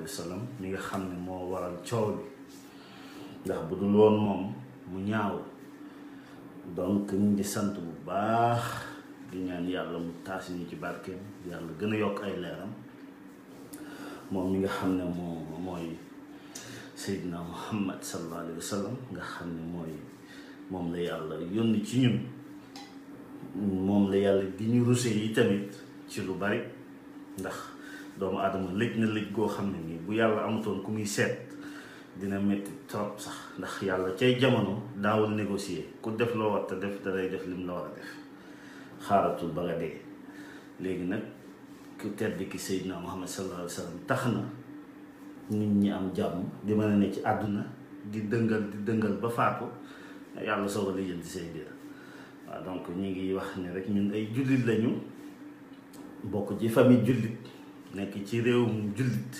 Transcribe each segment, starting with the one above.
alayhi mi nga xam ne moo waral coow bi ndax bu dul woon moom mu ñaaw donc ñu ngi sant bu baax di ñaan yàlla mu taas ñu ci barkeem yàlla gën a yokk ay leeram moom mi nga xam ne moo mooy Seydina Muhammad sallallahu alayhi nga xam ne mooy moom la yàlla yónni ci ñun moom la yàlla bi ñu rusee yi tamit ci lu bari ndax doomu adama lëj na lëj goo xam ne nii bu yàlla amutoon ku muy seet dina métti trop sax ndax yàlla cay jamono daawul négocier ku def loo war te def da def lim la war a def xaaratul ba nga dee léegi nag ku di ki Seydina Muhammad sallallahu alayhi tax na nit ñi am jàmm di mën a ne ci àdduna di dëngal di dëngal ba faatu yàlla soo a lijjanti say biir waaw donc ñi ngi wax ne rek ñun ay jullit lañu bokk ci famille jullit nekk ci réew réewum jullit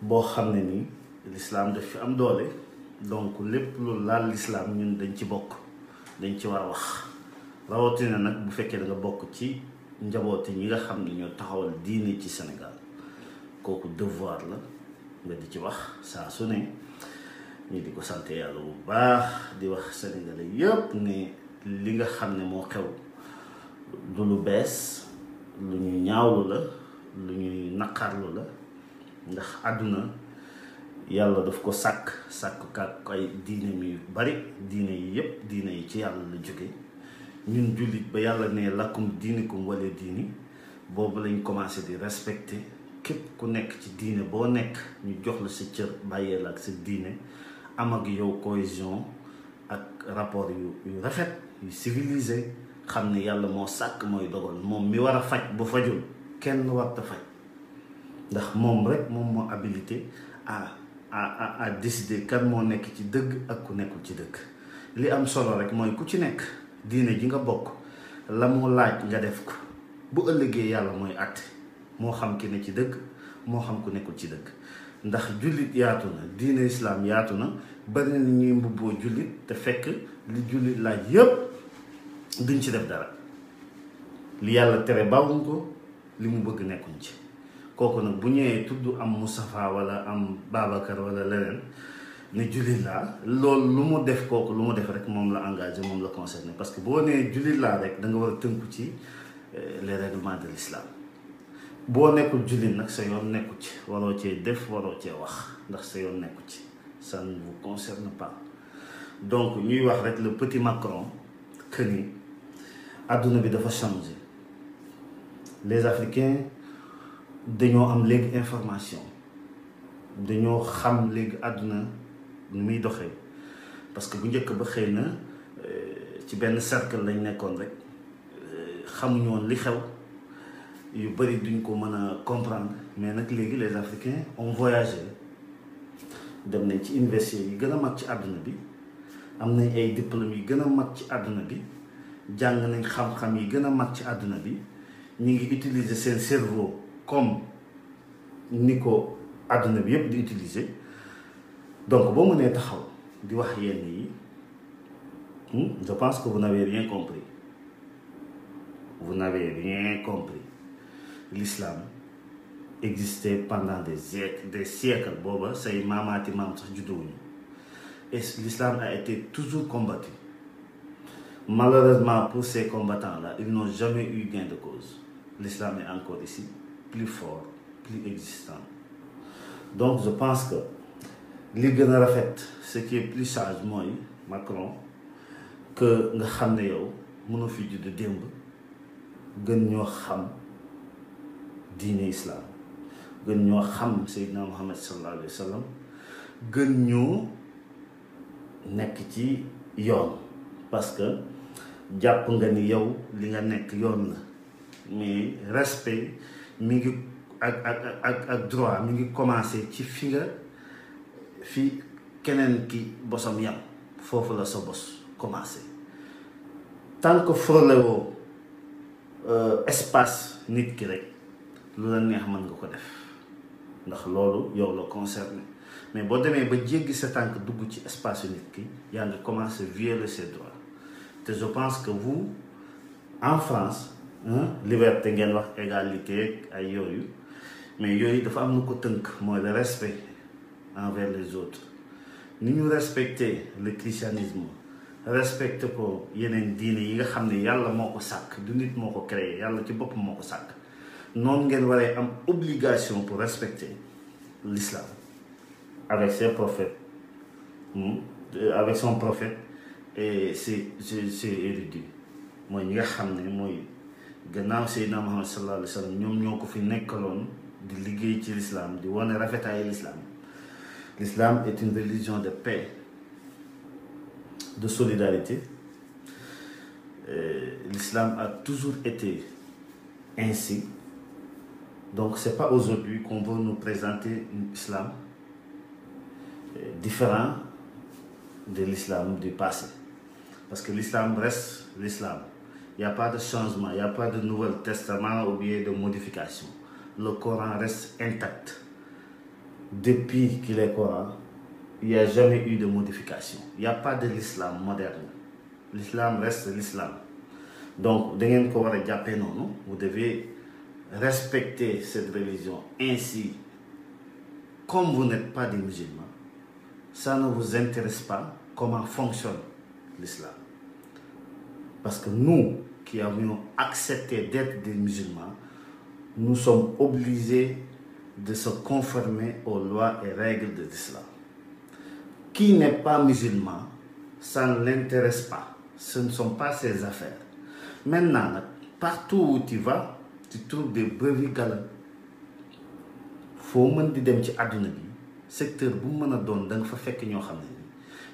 boo xam ne nii lislaam daf fi am doole donc lépp lu laal lislaam ñun dañ ci bokk dañ ci war a wax rawatina nag bu fekkee da bokk ci njabooti ñi nga xam ne ñoo taxawal diine ci Sénégal kooku devoir la nga di ci wax saa su ne ñu di ko sant yàlla bu baax di wax sénégalais yépp ne li nga xam ne moo xew du lu bees lu ñuy ñaawlu la lu ñuy naqarlu la ndax àdduna yàlla daf ko sàkk sàkk ko ay diine mi yu bari diine yi yépp diine yi ci yàlla la jóge ñun jullit ba yàlla ne lakkum diinikum wala diini boobu lañ commencé di respecté képp ku nekk ci diine boo nekk ñu jox la sa cër bàyyee la ak sa diine am ak yow cohésion ak rapport yu rafet yu civilisé xam ne yàlla moo sàkk mooy dogal moom mi war a faj bu fajul kenn warta faj ndax moom rek moom moo habilité a à à décider kan moo nekk ci dëgg ak ku nekkul ci dëgg li am solo rek mooy ku ci nekk diine ji nga bokk la mu laaj nga def ko bu ëllëgee yàlla mooy àtte moo xam ki ne ci dëgg moo xam ku nekkul ci dëgg ndax jullit yaatu na diine islaam yaatu na bari na ñuy mbubboo jullit te fekk li jullit laaj yépp duñ ci def dara li yàlla tere bawuñ ko li mu bëgg nekkuñ ci kooku nag bu ñëwee tudd am Moustapha wala am Babacar wala leneen ne jullit laa loolu lu mu def kooku lu mu def rek moom la engagé moom la concerné parce que boo nee jullit laa rek da war a tënku ci euh, les règlements de l'islam boo nekkul jullit nag sa yoon nekku ci waroo cee def waroo cee wax ndax sa yoon nekku ci ça ne vous concerne donc ñuy wax rek le petit Macron que àdduna bi dafa changé les africains dañoo am léegi information dañoo xam léegi àdduna muy doxee parce que bu njëkk ba xëy na euh, ci benn cercle lañ nekkoon rek euh, xamuñu woon li xew yu bëri duñ ko mën a comprendre mais nag léegi les africains ont voyagé dem nañ ci université yi gën a mag ci àdduna bi am nañ ay diplômes yi gën a mag ci àdduna bi jàng nañ xam-xam yi gën a mag ci àdduna bi ñu ngi utiliser seen cerveau comme ni ko àdduna bi yëpp di utiliser donc boo mënee taxaw di wax yenn yi hmm, je pense que vous n'avez rien compris vous n'avez rien compris l'islam existait pendant des siècles des siècles booba say maamaati maam sax judduwuñu et l'islam a été toujours combattu Malheureusement pour ces combattants-là, ils n'ont jamais eu gain de cause. L'islam est encore ici, plus fort, plus existant. Donc je pense que li gën a rafet ce qui est plus sage mooy Macron que nga xam ne yow mënoo fi judd démb gën ñoo xam diine islam gën ñoo xam Seydina Muhammad sallallahu alayhi wa sallam gën ñoo nekk ci yoon parce que jàpp nga ni yow li nga nekk yoon la mais respect mi ngi ak ak ak ak droit mi ngi commencé ci fi nga fi keneen ki bosam yam foofu la sa bos commencé tant que frôlé woo euh, espace nit ki rek lu la neex mën nga ko def ndax loolu yow la concerné mais boo demee ba jéggi sa tànk dugg ci espace nit ki yaa ngi commencé violer ses droits te je pense que vous en France liberté ngeen wax égalité ak ay yooyu mais yooyu dafa am na ko tënk mooy le respect envers les autres ni ñu respecter le christianisme respecte ko yeneen diine yi nga xam ne yàlla moo ko sàkk du nit moo ko créé yàlla ci bopp moo ko sàkk noonu ngeen waree am obligation pour respecter l'islam avec ses prophètes hmm, avec son prophète Eh, si si si érudit mooy ñi nga xam ni mooy gannaaw Seydina Muhammad sallallahu alayhi wa ñoom ñoo ko fi nekkaloon di liggéey ci l'islam di wane rafetaayu l'islam l'islam est une religion de paix de solidarité eh, l'islam a toujours été ainsi donc c'est pas aujourd'hui qu'on veut nous présenter un islam eh, différent de l'islam du passé Parce que l'islam reste l'islam. Il n'y a pas de changement, il n'y a pas de nouvel testament ou bien de modification. Le Coran reste intact. Depuis qu'il est Coran, il n'y a jamais eu de modification. Il n'y a pas de l'islam moderne. L'islam reste l'islam. Donc, vous devez respecter cette religion ainsi. Comme vous n'êtes pas des musulmans, ça ne vous intéresse pas comment fonctionne Parce que nu ki qui avions accepté d'être des musulmans, nous sommes obligés de se conformer aux lois et règles de l'islam. Qui n'est pas musulman, ça ne l'intéresse pas. Ce ne sont pas ses affaires. Maintenant, partout où tu vas, tu trouves des brebis foo mën di dem ci àdduna bi secteur bu mu mën a doon da fa fekk ñoo xam ne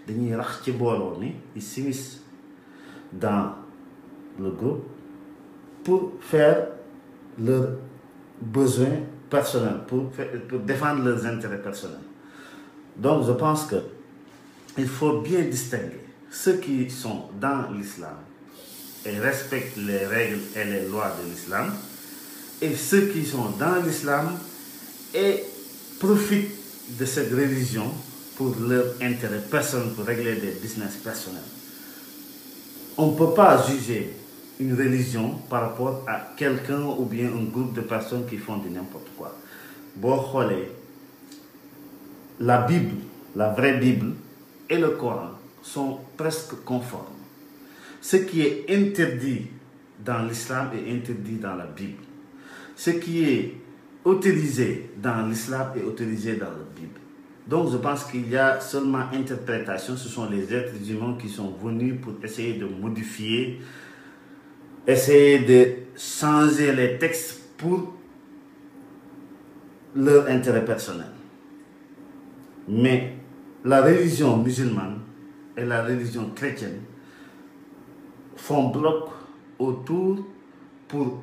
dañuy rax ci booloo ni i simis dans le groupe pour faire leurs besoins personnels, pour, faire, pour défendre leurs intérêts personnels. Donc je pense que il faut bien distinguer ceux qui sont dans l'islam et respectent les règles et les lois de l'islam et ceux qui sont dans l'islam et profitent de cette religion pour leur intérêt personnel, pour régler des business personnels. on ne peut pas juger une religion par rapport à quelqu'un ou bien un groupe de personnes qui font de n'importe quoi boo xoolee la Bible la vraie Bible et le Coran sont presque conformes ce qui est interdit dans l'islam est interdit dans la Bible ce qui est autorisé dans l'islam est autorisé dans la Bible Donc je pense qu'il y a seulement interprétation, ce sont les êtres humains qui sont venus pour essayer de modifier, essayer de changer les textes pour leur intérêt personnel. Mais la religion musulmane et la religion chrétienne font bloc autour pour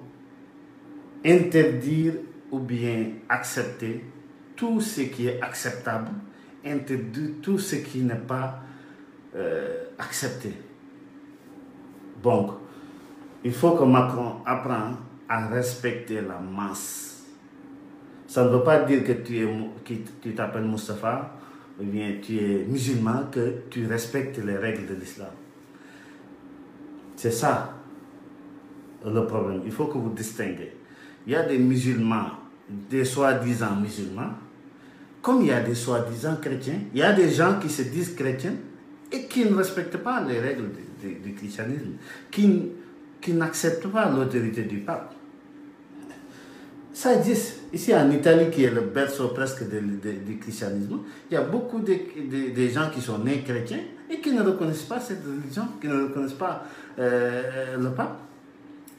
interdire ou bien accepter tout ce qui est acceptable, interdit tout ce qui n'est pas euh, accepté. Donc, il faut que Macron apprenne à respecter la masse. Ça ne veut pas dire que tu t'appelles Mustapha ou bien tu es musulman, que tu respectes les règles de l'islam. C'est ça le problème. Il faut que vous distinguez. Il y des musulmans des soi-disant musulmans, comme il y a des soi-disant chrétiens, il y a des gens qui se disent chrétiens et qui ne respectent pas les règles du, du, du christianisme, qui, n'acceptent pas l'autorité du pape. presque christianisme, il y de, de, de, gens qui sont nés chrétiens et qui ne reconnaissent pas cette religion, qui ne reconnaissent pas euh, le pape.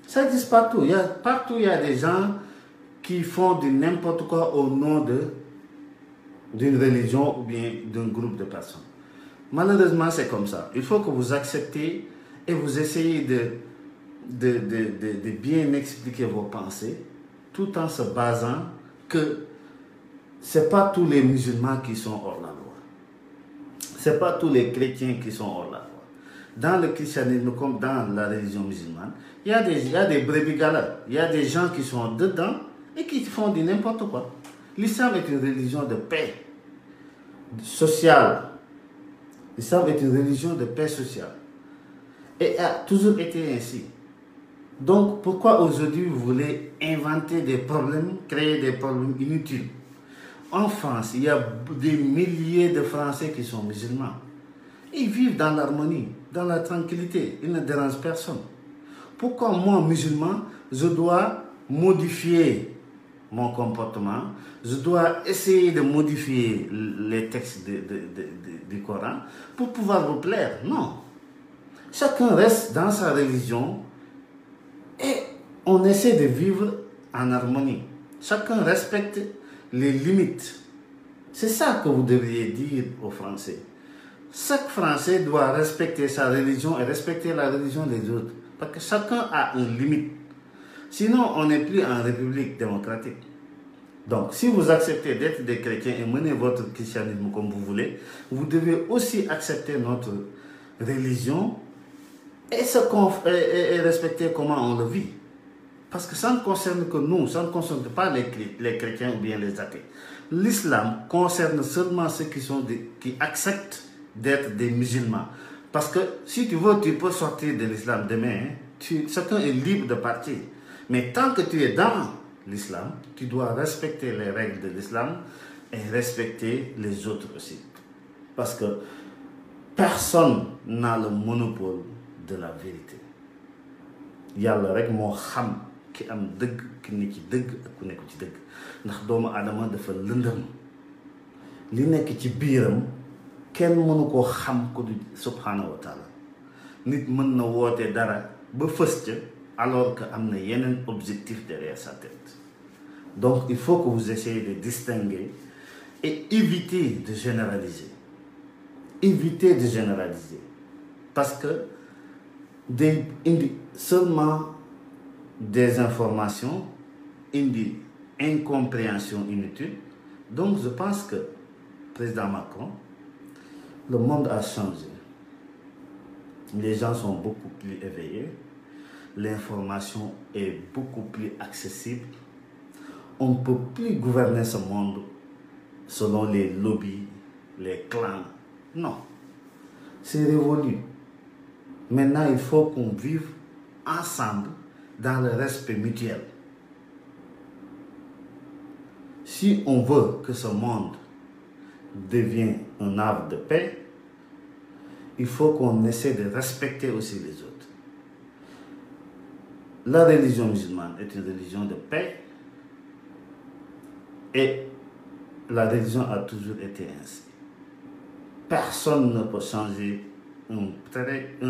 Ça existe partout. Il gens qui font du n'importe quoi au nom de d'une religion ou bien d'un groupe de personnes. Malheureusement, c'est comme ça. Il faut que vous acceptez et vous essayez de, de, de, de, de bien expliquer vos pensées tout en se basant que ce n'est pas tous les musulmans qui sont hors la loi. Ce n'est pas tous les chrétiens qui sont hors la loi. Dans le christianisme comme dans la religion musulmane, il y a des, il y a des brebis galères. Il y a des gens qui sont dedans et qui font du n'importe quoi. L'islam est une religion de paix sociale. L'islam est une religion de paix sociale. Et a toujours été ainsi. Donc pourquoi aujourd'hui vous voulez inventer des problèmes, créer des problèmes inutiles En France, il y a des milliers de Français qui sont musulmans. Ils vivent dans l'harmonie, dans la tranquillité. Ils ne dérangent personne. Pourquoi moi, musulman, je dois modifier mon comportement, je dois essayer de modifier les textes de, de, de, du Coran pour pouvoir vous plaire. Non. Chacun reste dans sa religion et on essaie de vivre en harmonie. Chacun respecte les limites. C'est ça que vous devriez dire aux Français. Chaque Français doit respecter sa religion et respecter la religion des autres. Parce que chacun a une limite. Sinon, on n'est plus en République démocratique. Donc, si vous acceptez d'être des chrétiens et mener votre christianisme comme vous voulez, vous devez aussi accepter notre religion et, respecter comment on le vit. Parce que ça ne concerne que nous, ça ne concerne pas les, les chrétiens ou bien les athées. L'islam concerne seulement ceux qui, des, qui acceptent d'être des musulmans. Parce que si tu veux, tu peux sortir de l'islam demain. Hein? Tu, chacun est libre de partir. Mais tant que tu es dans l'islam, tu dois respecter les règles de l'islam et respecter les autres aussi. Parce que personne n'a le monopole de la vérité. yàlla rek moo xam ki am dëgg ki ne ci dëgg ak ku nekku ci dëgg ndax doomu aadama dafa lëndëm li nekk ci biiram kenn mënu koo xam ko du subhaanahu taala nit mën na woote dara ba fës ca alors que am na yeneen objectif derrière sa tête donc il faut que vous essayez de distinguer et éviter de généraliser éviter de généraliser parce que day indi seulement des informations indi incompréhension inutile donc je pense que président Macron le monde a changé les gens sont beaucoup plus éveillés l'information est beaucoup plus accessible. On ne peut plus gouverner ce monde selon les lobbies, les clans. Non, c'est révolu. Maintenant, il faut qu'on vive ensemble dans le respect mutuel. Si on veut que ce monde devienne un arbre de paix, il faut qu'on essaie de respecter aussi les autres. la religion musulmane est une religion de paix et la religion a toujours été ainsi. Personne ne peut changer un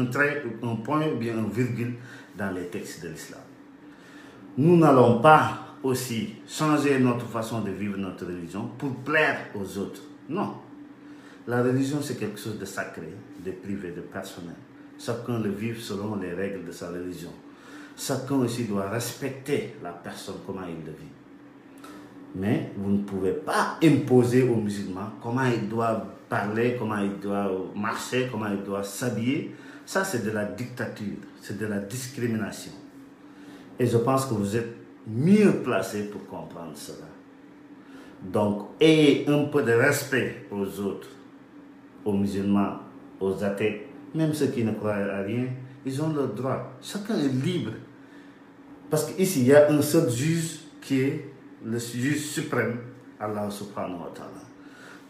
trait, un, point ou bien une virgule dans les textes de l'islam. Nous n'allons pas aussi changer notre façon de vivre notre religion pour plaire aux autres. Non. La religion, c'est quelque chose de sacré, de privé, de personnel. Chacun le vit selon les règles de sa religion. Chacun aussi doit respecter la personne, comment il le vit. Mais vous ne pouvez pas imposer aux musulmans comment ils doivent parler, comment ils doivent marcher, comment ils doivent s'habiller. c'est de la dictature, c'est de la discrimination. Et je pense que vous êtes mieux placé pour comprendre cela. Donc, ayez un peu de respect aux autres, aux musulmans, aux athées, même ceux qui ne croient à rien, ils ont leur droit. Chacun est libre. Parce qu'ici, il y a un seul juge qui est le juge suprême, Allah subhanahu wa ta'ala.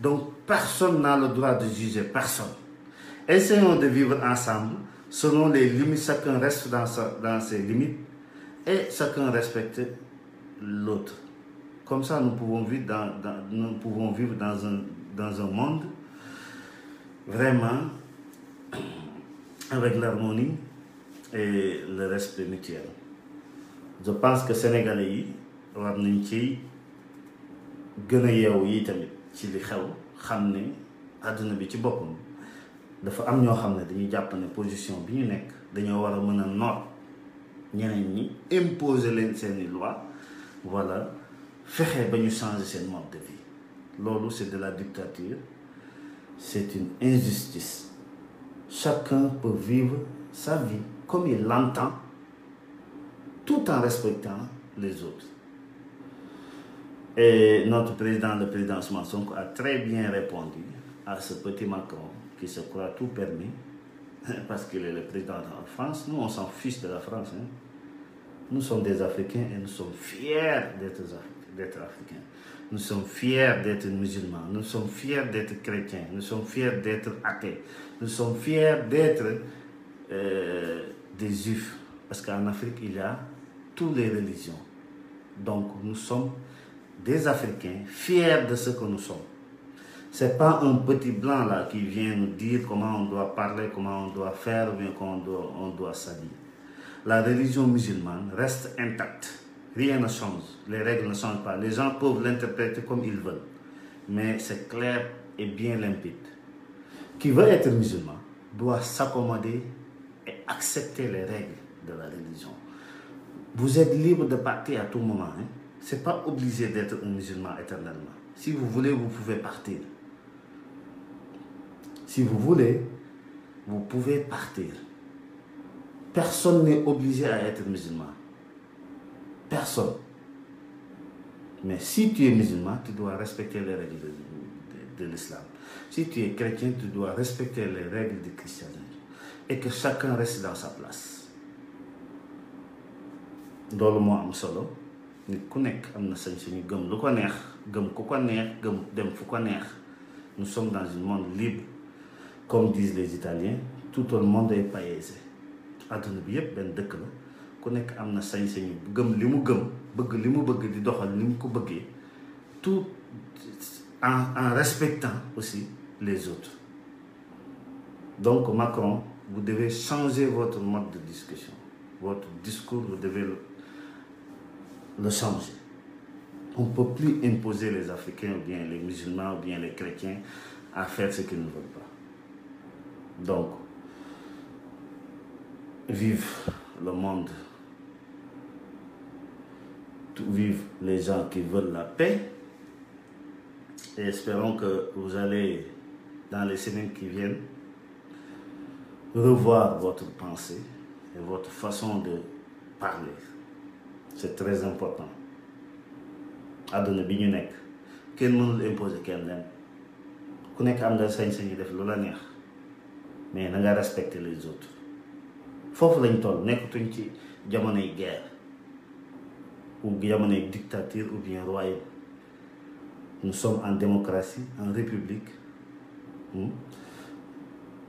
Donc, personne n'a le droit de juger personne. Essayons de vivre ensemble selon les limites. Chacun reste dans, sa, dans ses limites et chacun respecte l'autre. Comme ça, nous pouvons vivre dans, dans, nous pouvons vivre dans un, dans un monde vraiment avec l'harmonie et le respect mutuel je pense que sénégalais yi war nañ ci gën a yeewu yi tamit ci li xew xam ne àdduna bi ci boppam dafa am ñoo xam ne dañuy jàpp ne position bi ñu nekk dañoo war a mën a noot ñeneen ñi imposer leen seeni loi wala fexe ba ñu changé seen mode de vie loolu c'est de la dictature c'est une injustice Chacun peut vivre sa vie comme il l'entend, tout en respectant les autres. Et notre président, le président Smansonko, a très bien répondu à ce petit Macron qui se croit tout permis parce qu'il est le président de la France. Nous, on s'en fiche de la France. Nous sommes des Africains et nous sommes fiers d'être d'être africains. Nous sommes fiers d'être musulmans, nous sommes fiers d'être chrétiens, nous sommes fiers d'être athées, nous sommes fiers d'être euh, des juifs. Parce qu'en Afrique, il y a toutes les religions. Donc nous sommes des Africains fiers de ce que nous sommes. C'est pas un petit blanc là qui vient nous dire comment on doit parler, comment on doit faire, ou bien comment doit, on La religion musulmane reste intacte. Rien ne change. Les règles ne changent pas. Les gens peuvent l'interpréter comme ils veulent. Mais c'est clair et bien limpide. Qui veut être musulman doit s'accommoder et accepter les règles de la religion. Vous êtes libre de partir à tout moment. Hein? Ce n'est pas obligé d'être un musulman éternellement. Si vous voulez, vous pouvez partir. Si vous voulez, vous pouvez partir. Personne n'est obligé à être musulman. personne. Mais si tu es musulman, tu dois respecter les règles de, de, de l'islam. Si tu es chrétien, tu dois respecter les règles du christianisme. Et que chacun reste dans sa place. loolu moo am solo nit ku nekk am na sañ suñu gëm lu ko neex gëm ku ko neex gëm dem fu ko neex nous sommes dans un monde libre comme disent les Italiens tout le monde est paese àdduna bi yëpp benn dëkk la ku nekk am na sañ-sañu gëm li mu gëm bëgg li mu bëgg di doxal ni mu ko bëggee tout en en respectant aussi les autres donc Macron vous devez changer votre mode de discussion votre discours vous devez le, le changer on ne plus imposer les Africains ou bien les musulmans ou bien les chrétiens à faire ce qu'ils ne veulent pas donc vive le monde vivent les gens qui veulent la paix. Et espérons que vous allez, dans les semaines qui viennent, revoir votre pensée et votre façon de parler. C'est très important. àdduna bi ñu nekk kenn mënul imposer kenn leen ku nekk am nga sañ-sañu def lu la neex mais na nga respecter les autres foofu lañ toll nekkatuñ ci jamonoy guerre ou jamono dictature ou bien royaume nous sommes en démocratie en république hmm?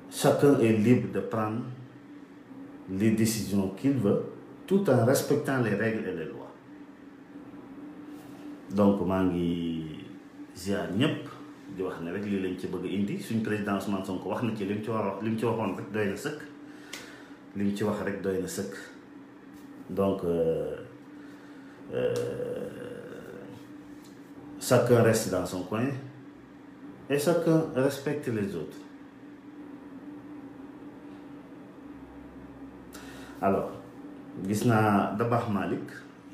chacun es libre de prendre les décisions qu'il veut tout en respectant les règles et les lois donc maa ngi ziar ñëpp di wax ne rek lii ci bëgg indi suñ président Ousmane Sonko wax na ci leen ci war wax li mu ci waxoon rek doy na sëkk li mu ci wax rek doy na sëkk euh, Euh, chacun reste dans son coin et chacun respecte les autres. Alors, Gisna Dabah Malik,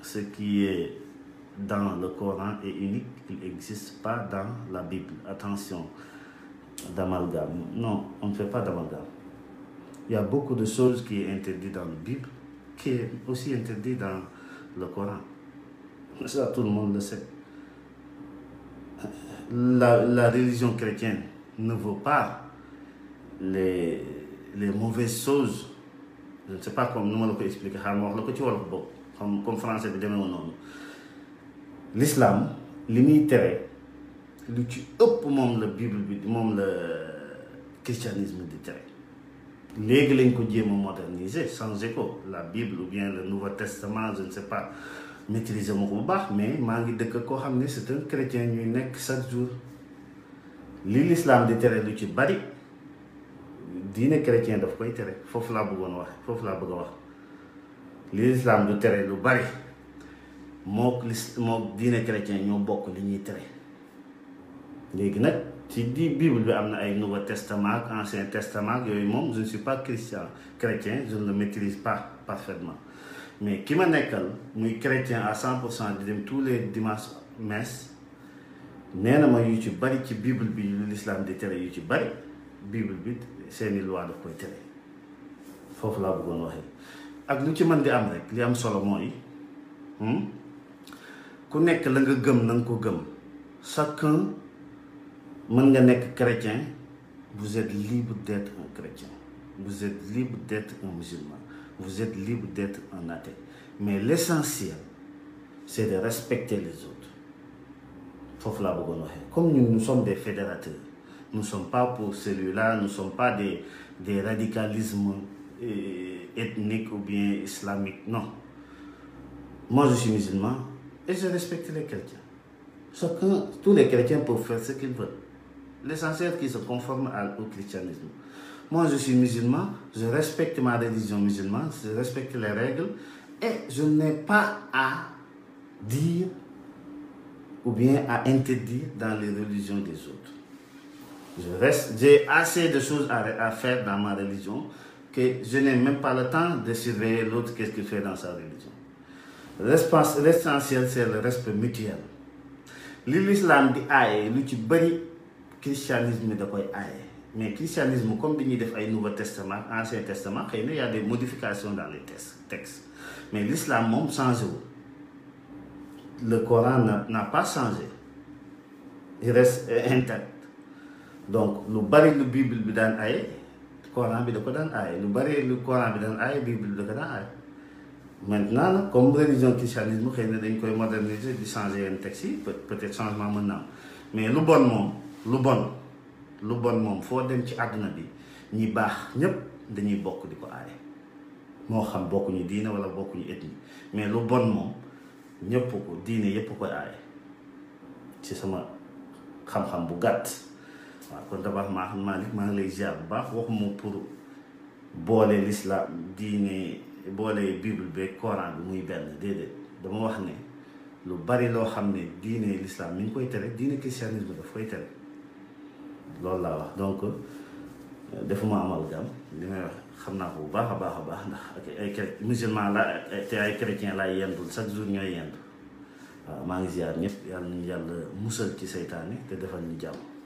ce qui est dans le Coran est unique, il n'existe pas dans la Bible. Attention d'amalgame. Non, on ne fait pas d'amalgame. Il y beaucoup de choses qui est interdit dans la Bible, qui est aussi interdit dans le Coran. ça tout le monde le sait. La, la religion chrétienne ne vaut pas les, les mauvaises choses. Je ne sais pas comme nu ma la ko expliquer xam wax la ko ci wolof bokk xam comme français bi demeewul noonu l'islam li muy tere lu ci ëpp moom la bible bi moom la christianisme di tere léegi lañ ko jéem a moderniser sans écho la bible ou bien le nouveau testament je ne sais pas maîtriser ma ko bu baax mais maa ngi dëkk koo xam ne c'est un chrétien ñuy nekk chaque jour li l'islam di tere lu ci bari diine chrétien daf koy tere foofu laa bëggoon wax foofu laa bëgg a wax li l'islam du tere lu bari moo lis moo diine chrétien ñoo bokk li ñuy tere léegi nag ci di bible bi am na ay nouveau testament ak ancien yooyu moom je ne suis pas christian chrétien je ne le maîtrise pas mais ki ma nekkal muy chrétien à cent pour cent di dem tous les dimanches messe nee na ma yu ci bari ci bible bi lu l'islam di tere yu ci bari bible bi seeni loi daf koy tere foofu laa bëggoon waxee ak lu ci mën di am rek li am solo mooy hmm, ku nekk la nga gëm na nga ko gëm chacun mën nga nekk chrétien vous êtes libre d'être un chrétien vous êtes libre d'être un musulman vous êtes libre d'être un athée. Mais l'essentiel, c'est de respecter les autres. Comme nous, nous sommes des fédérateurs, nous ne sommes pas pour celui-là, nous ne sommes pas des, des radicalismes euh, ethniques ou bien islamiques, non. Moi, je suis musulman et je respecte les chrétiens. Chacun, tous les chrétiens peuvent faire ce qu'ils veulent. L'essentiel qu'ils se conforment au christianisme. Moi, je suis musulman, je respecte ma religion musulmane, je respecte les règles et je n'ai pas à dire ou bien à interdire dans les religions des autres. Je reste, j'ai assez de choses à, à, faire dans ma religion que je n'ai même pas le temps de surveiller l'autre qu'est-ce qu'il fait dans sa religion. L'essentiel, c'est le respect mutuel. L'islam dit aïe, lui tu christianisme de quoi mais christianisme comme bi ñuy def ay nouveau testament ancien testament xëy na y a des modifications dans les textes mais l'islam moom changé wu le Coran n'a pas changé il reste intact donc lu bari lu bible bi daan aaye Coran bi da ko daan aaye lu bari lu Coran bi daan aaye bible bi da ko daan aaye maintenant nag comme religion christianisme xëy na dañ koy moderniser di changer yenn textes yi peut-être changement mën na am mais lu bon moom lu bon lu bon moom foo dem ci àdduna bi ñi baax ñépp dañuy bokk di ko aaye moo xam bokkuñu diine wala bokkuñu ethnie mais lu bon moom ñépp ko diine yépp koy aaye ci sama xam-xam bu gàtt waaw kon tabax maa xam Malick maa ngi lay ziar bu baax waxuma pour boole l'islam diine boole bible beeg coran bi muy benn déedéet dama wax ne lu bari loo xam ne diine l'islam mi ngi koy tere diine christianisme daf koy tere loolu laa wax donc euh, defuma amalgam li may xam naa ko bu baax a baax a baax ndax ak ay musulman la te ay chrétien laay yendul chaque jour ñooy yendu waaw maa ngi ziar ñëpp yàlla nañu yàlla musal ci seytaane te defal ñu jàmm